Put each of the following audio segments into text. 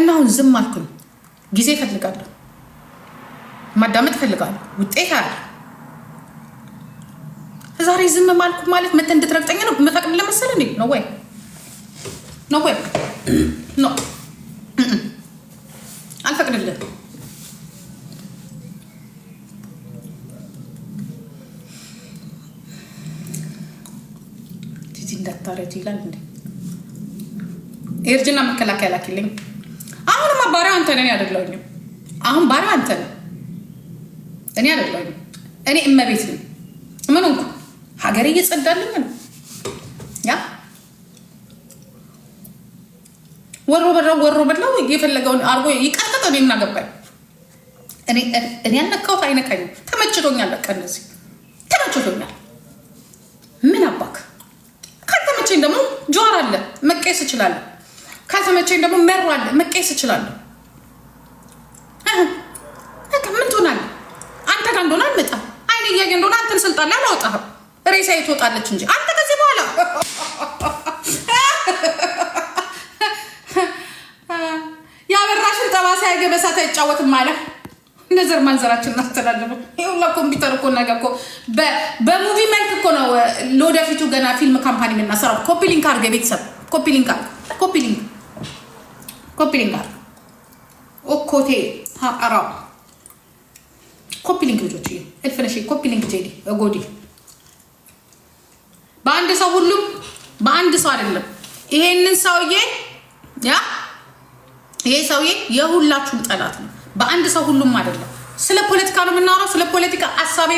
እና አሁን ዝም አልኩኝ። ጊዜ እፈልጋለሁ፣ ማዳመጥ እፈልጋለሁ። ውጤት አለ። ዛሬ ዝም ማልኩ ማለት መተህ እንድትረግጠኝ ነው የምፈቅድ ለመሰለህ? እንዴ ነው ወይ ነው ወይ ኖ አልፈቅድልህም። ቲቲ እንዳታረጅ ይላል እንዴ የእርጅና መከላከያ ላኪልኝ። ባሪያው አንተ ነህ፣ እኔ አይደለሁኝም። አሁን ባሪያው አንተ ነህ፣ እኔ አይደለሁኝም። እኔ እመቤት ነኝ። ምን እንኳ ሀገሬ እየጸዳልኝ ነው። ያ ወሮ በላው ወሮ በላው የፈለገውን አርጎ ይቀርጠጥ። እኔ ምን አገባኝ? እኔ ያነካሁት አይነካኝም። ተመችቶኛል። በቃ እነዚህ ተመችቶኛል። ምን አባክ ካልተመቸኝ ደግሞ ጆር አለ መቀየስ እችላለሁ። ካልተመቸኝ ደግሞ መሮ አለ መቀየስ እችላለሁ። ምን ትሆናለህ አንተ ጋር እንደሆነ አልመጣም። አይኔ እያየ እንደሆነ አንተን ስልጣን ላይ አላወጣህም። ሬሳ ትወጣለች እንጂ አንተ ከዚህ በኋላ ያበራሽን ጠባሳ ያገ በሳት አይጫወትም አለ። ነዘር ማንዘራችን እናስተላለፈ ይሁላ ኮምፒውተር እኮ ነገ እኮ በሙቪ መልክ እኮ ነው። ለወደፊቱ ገና ፊልም ካምፓኒ የምናሰራው ኮፒ ሊንክ አድርገ ቤተሰብ ኮፒ ሊንክ ኮፒ ሊንክ ኮፒ ሊንክ አድርገ ኦኮቴ ሀራ ኮፒሊንግ ልጆች እልፍነሽ ኮፒሊንግ ጄዲ ጎዲ በአንድ ሰው ሁሉም በአንድ ሰው አይደለም። ይሄንን ሰውዬ ያ ይሄ ሰውዬ የሁላችሁም ጠላት ነው። በአንድ ሰው ሁሉም አይደለም። ስለ ፖለቲካ ነው የምናወራው። ስለ ፖለቲካ አሳቤ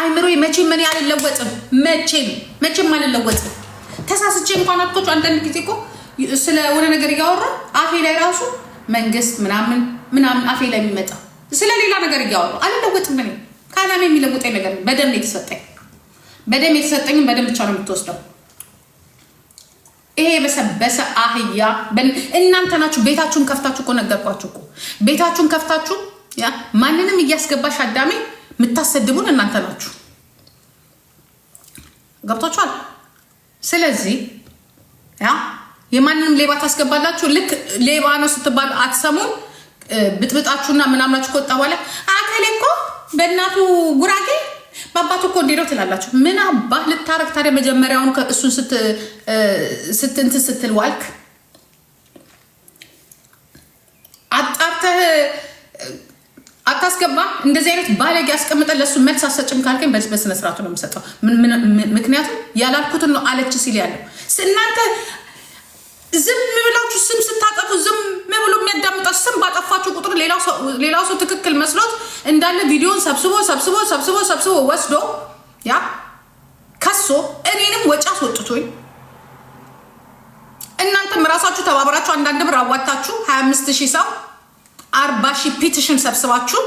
አይምሮ መቼም እኔ አልለወጥም። መቼም መቼም አልለወጥም። ተሳስቼ እንኳን አትቆጩ። አንዳንድ ጊዜ እኮ ስለሆነ ነገር እያወራ አፌ ላይ ራሱ መንግስት ምናምን ምናምን አፌ ላይ ስለ ስለሌላ ነገር እያወሩ አልለወጥም። ምን ከዓላማ የሚለውጠኝ ነገር በደም የተሰጠኝ። በደም የተሰጠኝም በደም ብቻ ነው የምትወስደው። ይሄ የበሰበሰ አህያ እናንተ ናችሁ። ቤታችሁን ከፍታችሁ እኮ ነገርኳችሁ እኮ ቤታችሁን ከፍታችሁ ማንንም እያስገባሽ አዳሜ የምታሰድቡን እናንተ ናችሁ። ገብቷችኋል? ስለዚህ የማንንም ሌባ ታስገባላችሁ። ልክ ሌባ ነው ስትባል አትሰሙን። ብጥብጣችሁና ምናምናችሁ ከወጣ በኋላ አከሌ እኮ በእናቱ ጉራጌ በአባቱ እኮ እንዴ ነው ትላላችሁ። ምን አባህ ልታረግ ታዲያ? መጀመሪያውን እሱን ስትንት ስትል ዋልክ አጣርተህ አታስገባ። እንደዚህ አይነት ባለጌ ያስቀምጠን ለእሱ መልስ አሰጭም ካልከኝ በዚህ በስነስርዓቱ ነው የምሰጠው። ምክንያቱም ያላልኩትን ነው አለች ሲል ያለው እናንተ ዝም ብላችሁ ስም ስታጠፉ ዝም ብሎ የሚያዳምጣችሁ ስም ባጠፋችሁ ቁጥር ሌላው ሰው ትክክል መስሎት እንዳለ ቪዲዮን ሰብስቦ ሰብስቦ ሰብስቦ ሰብስቦ ወስዶ ያ ከሶ እኔንም ወጪ አስወጥቶኝ እናንተም ራሳችሁ ተባብራችሁ አንዳንድ ብር አዋታችሁ 25 ሺህ ሰው 40 ሺህ ፒቲሽን ሰብስባችሁ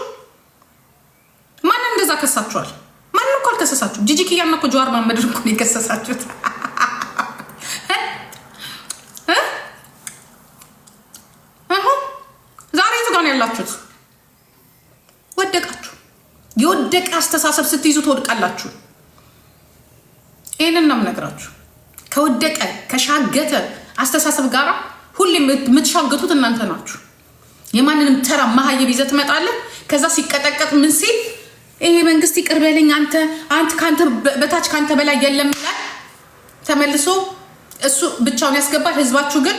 ማንም እንደዛ ከሳችኋል። ማንም እኮ አልከሰሳችሁ። ጂጂኪያና እኮ ጀዋር መሐመድን እኮ የከሰሳችሁት። ያላችሁት ወደቃችሁ። የወደቀ አስተሳሰብ ስትይዙ ትወድቃላችሁ። ይህንን ነው የምነግራችሁ። ከወደቀ ከሻገተ አስተሳሰብ ጋር ሁሌም የምትሻገቱት እናንተ ናችሁ። የማንንም ተራ መሀየብ ይዘህ ትመጣለህ። ከዛ ሲቀጠቀጥ ምን ሲል ይሄ መንግስት ይቅር በለኝ አንተ አንተ ከአንተ በታች ከአንተ በላይ የለም ይላል። ተመልሶ እሱ ብቻውን ያስገባል። ህዝባችሁ ግን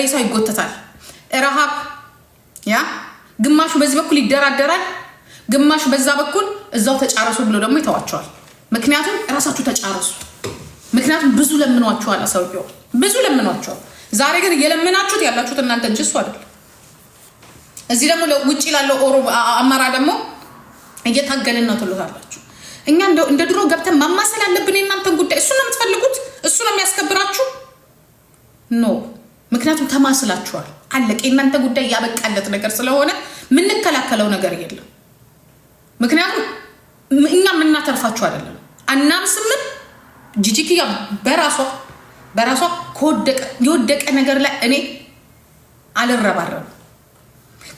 ሬሳው ይጎተታል። ረሃብ ያ ግማሹ በዚህ በኩል ይደራደራል፣ ግማሹ በዛ በኩል እዛው ተጫረሱ ብሎ ደግሞ ይተዋቸዋል። ምክንያቱም እራሳችሁ ተጫረሱ። ምክንያቱም ብዙ ለምኗችኋል፣ ሰውየው ብዙ ለምኗችኋል። ዛሬ ግን እየለመናችሁት ያላችሁት እናንተ እንጂ እሱ እዚህ ደግሞ ውጭ ላለው ኦሮ አማራ ደግሞ እየታገልን ነው ትሎታላችሁ። እኛ እንደ ድሮ ገብተን ማማሰል አለብን የእናንተን ጉዳይ። እሱ ነው የምትፈልጉት፣ እሱ ነው የሚያስከብራችሁ ኖ ምክንያቱም ተማስላችኋል። አለቀ። የእናንተ ጉዳይ ያበቃለት ነገር ስለሆነ የምንከላከለው ነገር የለም። ምክንያቱም እኛ የምናተርፋችሁ አይደለም። አናብስምን ጂጂኪያ በራሷ በራሷ የወደቀ ነገር ላይ እኔ አልረባረብም።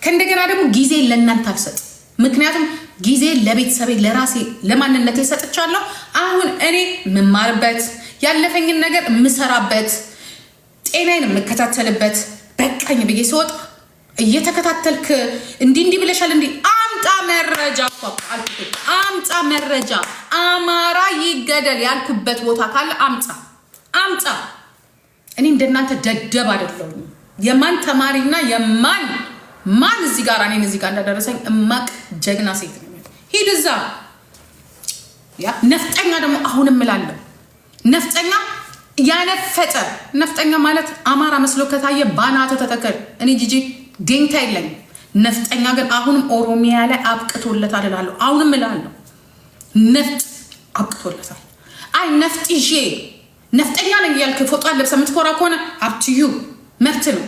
ከእንደገና ደግሞ ጊዜ ለእናንተ አልሰጥ። ምክንያቱም ጊዜ ለቤተሰቤ፣ ለራሴ፣ ለማንነቴ ሰጥቻለሁ። አሁን እኔ የምማርበት ያለፈኝን ነገር የምሰራበት ጤናዬን የምከታተልበት በቃኝ ብዬ ስወጣ እየተከታተልክ እንዲህ እንዲህ ብለሻል እንዲህ አምጣ መረጃ አምጣ መረጃ አማራ ይገደል ያልኩበት ቦታ ካለ አምጣ አምጣ። እኔ እንደናንተ ደደብ አይደለሁም። የማን ተማሪና የማን ማን እዚህ ጋር እኔን እዚህ ጋር እንዳደረሰኝ እማቅ ጀግና ሴት ነው። ሂድ እዛ ነፍጠኛ ደግሞ አሁን እላለሁ ነፍጠኛ ያነፈጠ ነፍጠኛ ማለት አማራ መስሎ ከታየ ባናተ ተተከል። እኔ ጂጂ ዴንታ የለኝ ነፍጠኛ ግን አሁንም ኦሮሚያ ላይ አብቅቶለታል እላለሁ። አሁንም እላለሁ ነፍጥ አብቅቶለታል። አይ ነፍጥ ይዤ ነፍጠኛ ነኝ እያልክ ፎጣ ለብሰ የምትኮራ ከሆነ አብትዩ መብት ነው።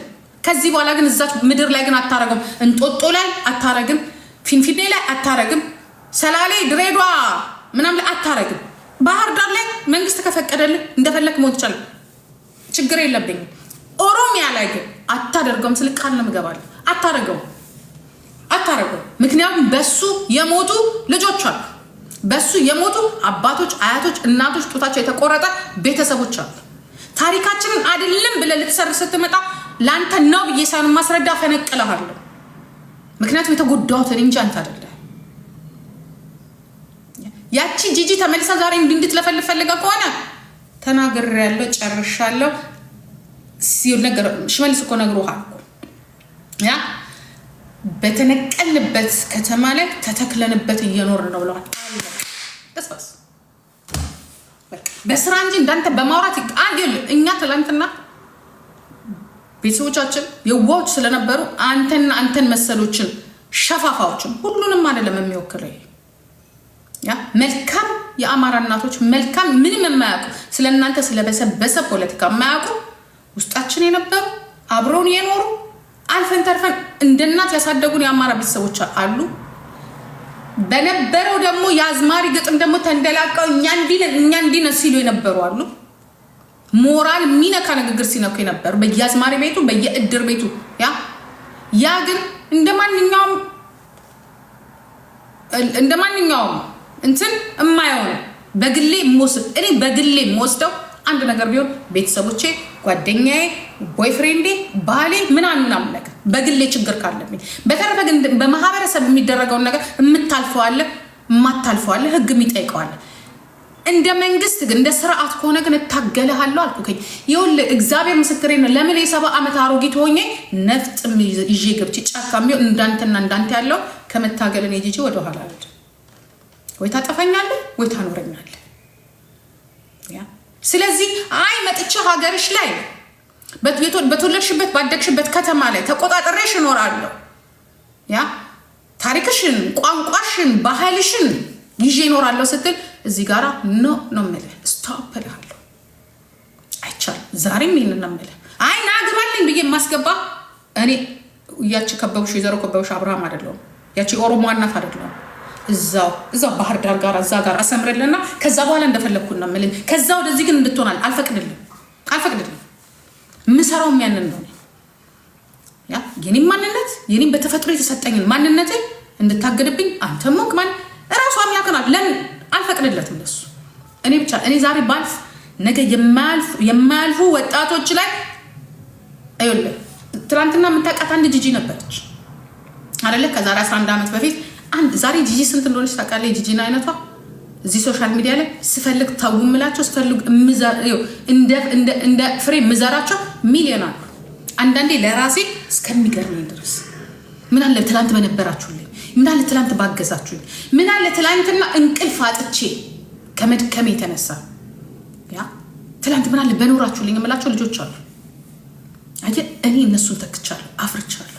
ከዚህ በኋላ ግን እዛች ምድር ላይ ግን አታረግም። እንጦጦ ላይ አታረግም። ፊንፊኔ ላይ አታረግም። ሰላሌ ድሬዷ ምናምን ላይ አታረግም። ባህር ዳር ላይ መንግስት ከፈቀደል እንደፈለክ ሞት ትችላል። ችግር የለብኝም። ኦሮሚያ ላይ ግን አታደርገውም ስል ቃል ነው የምገባለው። አታደርገውም፣ አታደርገውም። ምክንያቱም በሱ የሞቱ ልጆች አሉ። በሱ የሞቱ አባቶች፣ አያቶች፣ እናቶች ጡታቸው የተቆረጠ ቤተሰቦች አሉ። ታሪካችንን አይደለም ብለህ ልትሰር ስትመጣ ለአንተ ነው ብዬ ሳይሆን ማስረዳ ፈነቅለሃለሁ። ምክንያቱም የተጎዳሁትን እንጂ አንተ አይደለም ያቺ ጂጂ ተመልሳ ዛሬ እንድትለፈልፍ ፈልጋ ከሆነ ተናግሬያለሁ፣ ጨርሻለሁ። ሽመልስ እኮ ነግሮሃል ያ በተነቀልንበት ከተማ ላይ ተተክለንበት እየኖር ነው ብለዋል። በስራ እንጂ እንዳንተ በማውራት አንድ እኛ ትላንትና ቤተሰቦቻችን የዋዎች ስለነበሩ አንተና አንተን መሰሎችን ሸፋፋዎችን ሁሉንም አይደለም የሚወክለው መልካም የአማራ እናቶች መልካም ምንም የማያውቁ ስለ እናንተ ስለበሰበሰ ፖለቲካ የማያውቁ ውስጣችን የነበሩ አብረውን የኖሩ አልፈን ተርፈን እንደ እናት ያሳደጉን የአማራ ቤተሰቦች አሉ። በነበረው ደግሞ የአዝማሪ ግጥም ደግሞ ተንደላቀው እኛ እንዲነ ሲሉ የነበሩ አሉ። ሞራል ሚነካ ንግግር ሲነኩ የነበሩ በየአዝማሪ ቤቱ በየእድር ቤቱ ያ ያ ግን እንደ ማንኛውም እንደ ማንኛውም እንትን የማይሆነ በግሌ የምወስድ እኔ በግሌ የምወስደው አንድ ነገር ቢሆን ቤተሰቦቼ፣ ጓደኛዬ፣ ቦይፍሬንዴ፣ ባሌ ምናምን ምናምን ነገር በግሌ ችግር ካለብኝ። በተረፈ ግን በማህበረሰብ የሚደረገውን ነገር የምታልፈዋለ የማታልፈዋለ ህግ የሚጠይቀዋለ። እንደ መንግስት ግን እንደ ስርዓት ከሆነ ግን እታገለሃለሁ አልኩኝ። ይኸውልህ እግዚአብሔር ምስክሬ ነው። ለምን የሰባ ዓመት አሮጊት ሆኜ ነፍጥ ይዤ ገብቼ ጫካ የሚሆን እንዳንተና እንዳንተ ያለው ከመታገልን የጂጂ ወደኋላ አለች ወይ ታጠፋኛለህ ወይ ታኖረኛለህ። ስለዚህ አይ መጥቼ ሀገርሽ ላይ በተወለድሽበት ባደግሽበት ከተማ ላይ ተቆጣጠሬሽ እኖራለሁ ያ ታሪክሽን፣ ቋንቋሽን፣ ባህልሽን ይዤ እኖራለሁ ስትል እዚህ ጋር ኖ ነው የምልህ። ስቶፕ እልሃለሁ። አይቻልም። ዛሬም ይህን ነው የምልህ። አይ ናግባልኝ ብዬ የማስገባ እኔ ያቺ ከበብሽ የዘሮ ከበብሽ አብርሃም አይደለሁም። ያቺ ኦሮሞ እናት አይደለሁም። እዛው እዛው ባህር ዳር ጋር እዛ ጋር አሰምርልና ከዛ በኋላ እንደፈለግኩ ነው የምልህ። ከዛ ወደዚህ ግን እንድትሆናል አልፈቅድልም፣ አልፈቅድልም። የምሰራውም ያንን ነው። የኔም ማንነት የኔም በተፈጥሮ የተሰጠኝን ማንነት እንድታገድብኝ አንተ ሞቅ ማን እራሱ አምላክናል። ለምን አልፈቅድለትም? ለሱ እኔ ብቻ እኔ ዛሬ ባልፍ ነገ የማያልፉ ወጣቶች ላይ ትናንትና የምታውቃት አንድ ጂጂ ነበረች አይደለ? ከዛሬ 11 ዓመት በፊት አንድ ዛሬ ጂጂ ስንት እንደሆነች ታውቃለህ? የጂጂን አይነቷ እዚህ ሶሻል ሚዲያ ላይ ስፈልግ ተው ምላቸው ስፈልግ እንደ ፍሬ ምዘራቸው ሚሊዮን አሉ። አንዳንዴ ለራሴ እስከሚገርመኝ ድረስ ምን አለ ትላንት በነበራችሁልኝ፣ ምን አለ ትላንት ባገዛችሁኝ፣ ምን አለ ትላንትና እንቅልፍ አጥቼ ከመድከም የተነሳ ያ ትላንት ምን አለ በኖራችሁልኝ የምላቸው ልጆች አሉ። አየህ እኔ እነሱን ተክቻለሁ፣ አፍርቻለሁ።